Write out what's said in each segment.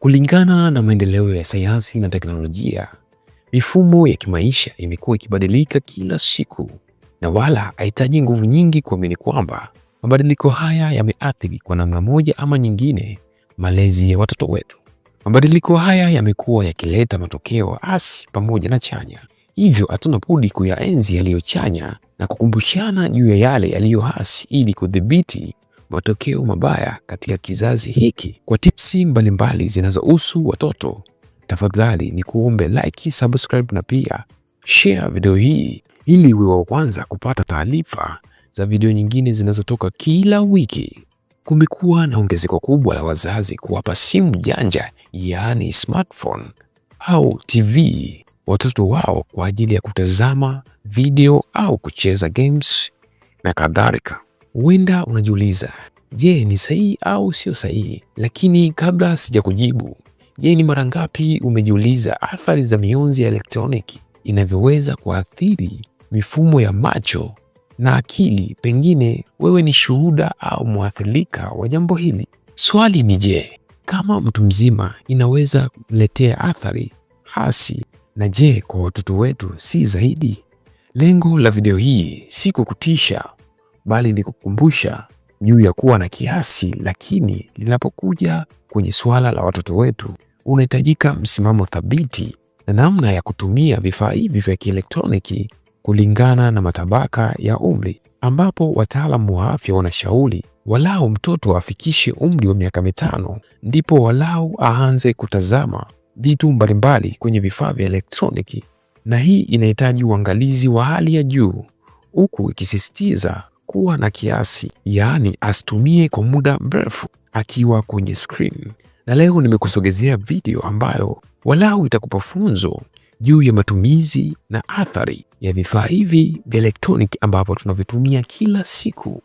Kulingana na maendeleo ya sayansi na teknolojia, mifumo ya kimaisha imekuwa ikibadilika kila siku, na wala haihitaji nguvu nyingi kuamini kwamba mabadiliko haya yameathiri kwa namna moja ama nyingine malezi ya watoto wetu. Mabadiliko haya yamekuwa yakileta matokeo asi pamoja na chanya, hivyo hatuna budi kuyaenzi yaliyo chanya na kukumbushana juu ya yale yaliyo hasi ili kudhibiti matokeo mabaya katika kizazi hiki. Kwa tipsi mbalimbali zinazohusu watoto, tafadhali ni kuombe like, subscribe na pia share video hii ili uwe wa kwanza kupata taarifa za video nyingine zinazotoka kila wiki. Kumekuwa na ongezeko kubwa la wazazi kuwapa simu janja, yaani smartphone au TV watoto wao kwa ajili ya kutazama video au kucheza games na kadhalika. Huenda unajiuliza, je, ni sahihi au sio sahihi? Lakini kabla sijakujibu, je, ni mara ngapi umejiuliza athari za mionzi ya elektroniki inavyoweza kuathiri mifumo ya macho na akili? Pengine wewe ni shuhuda au mwathirika wa jambo hili. Swali ni je, kama mtu mzima inaweza kumletea athari hasi, na je, kwa watoto wetu si zaidi? Lengo la video hii si kukutisha bali ni kukumbusha juu ya kuwa na kiasi, lakini linapokuja kwenye suala la watoto wetu unahitajika msimamo thabiti na namna ya kutumia vifaa hivi vya kielektroniki kulingana na matabaka ya umri, ambapo wataalamu wa afya wanashauri walau mtoto afikishe umri wa miaka mitano ndipo walau aanze kutazama vitu mbalimbali kwenye vifaa vya elektroniki, na hii inahitaji uangalizi wa hali ya juu, huku ikisisitiza kuwa na kiasi, yaani asitumie kwa muda mrefu akiwa kwenye screen. Na leo nimekusogezea video ambayo walau itakupa funzo juu ya matumizi na athari ya vifaa hivi vya elektroniki ambavyo tunavitumia kila siku.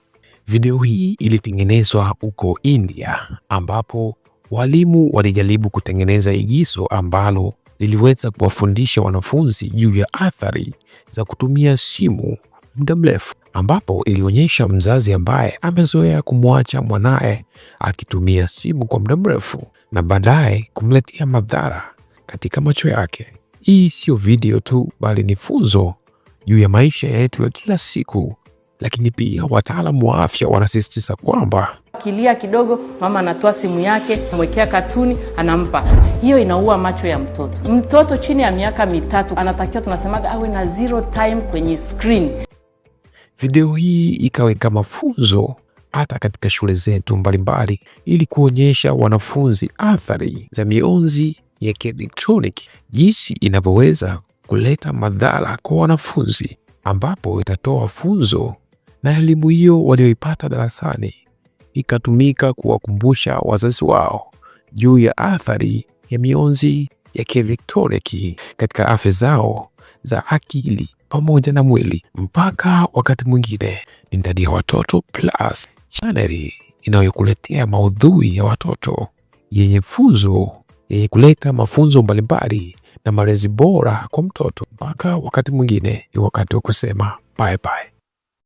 Video hii ilitengenezwa huko India ambapo walimu walijaribu kutengeneza igizo ambalo liliweza kuwafundisha wanafunzi juu ya athari za kutumia simu muda mrefu ambapo ilionyesha mzazi ambaye amezoea kumwacha mwanaye akitumia simu kwa muda mrefu na baadaye kumletea madhara katika macho yake. Hii siyo video tu, bali ni funzo juu ya maisha yetu ya kila siku. Lakini pia wataalamu wa afya wanasisitiza kwamba kilia kidogo, mama anatoa simu yake, mwekea katuni, anampa. Hiyo inaua macho ya mtoto. Mtoto chini ya miaka mitatu anatakiwa, tunasemaga awe na zero time kwenye screen. Video hii ikaweka mafunzo hata katika shule zetu mbalimbali ili kuonyesha wanafunzi athari za mionzi ya kielektroniki, jinsi inavyoweza kuleta madhara kwa wanafunzi, ambapo itatoa funzo na elimu hiyo walioipata darasani ikatumika kuwakumbusha wazazi wao juu ya athari ya mionzi ya kielektroniki katika afya zao za akili pamoja na mwili. Mpaka wakati mwingine, ni ndani ya Watoto Plus, chaneli inayokuletea maudhui ya watoto yenye funzo, yenye kuleta mafunzo mbalimbali na malezi bora kwa mtoto. Mpaka wakati mwingine, ni wakati wa kusema bye bye.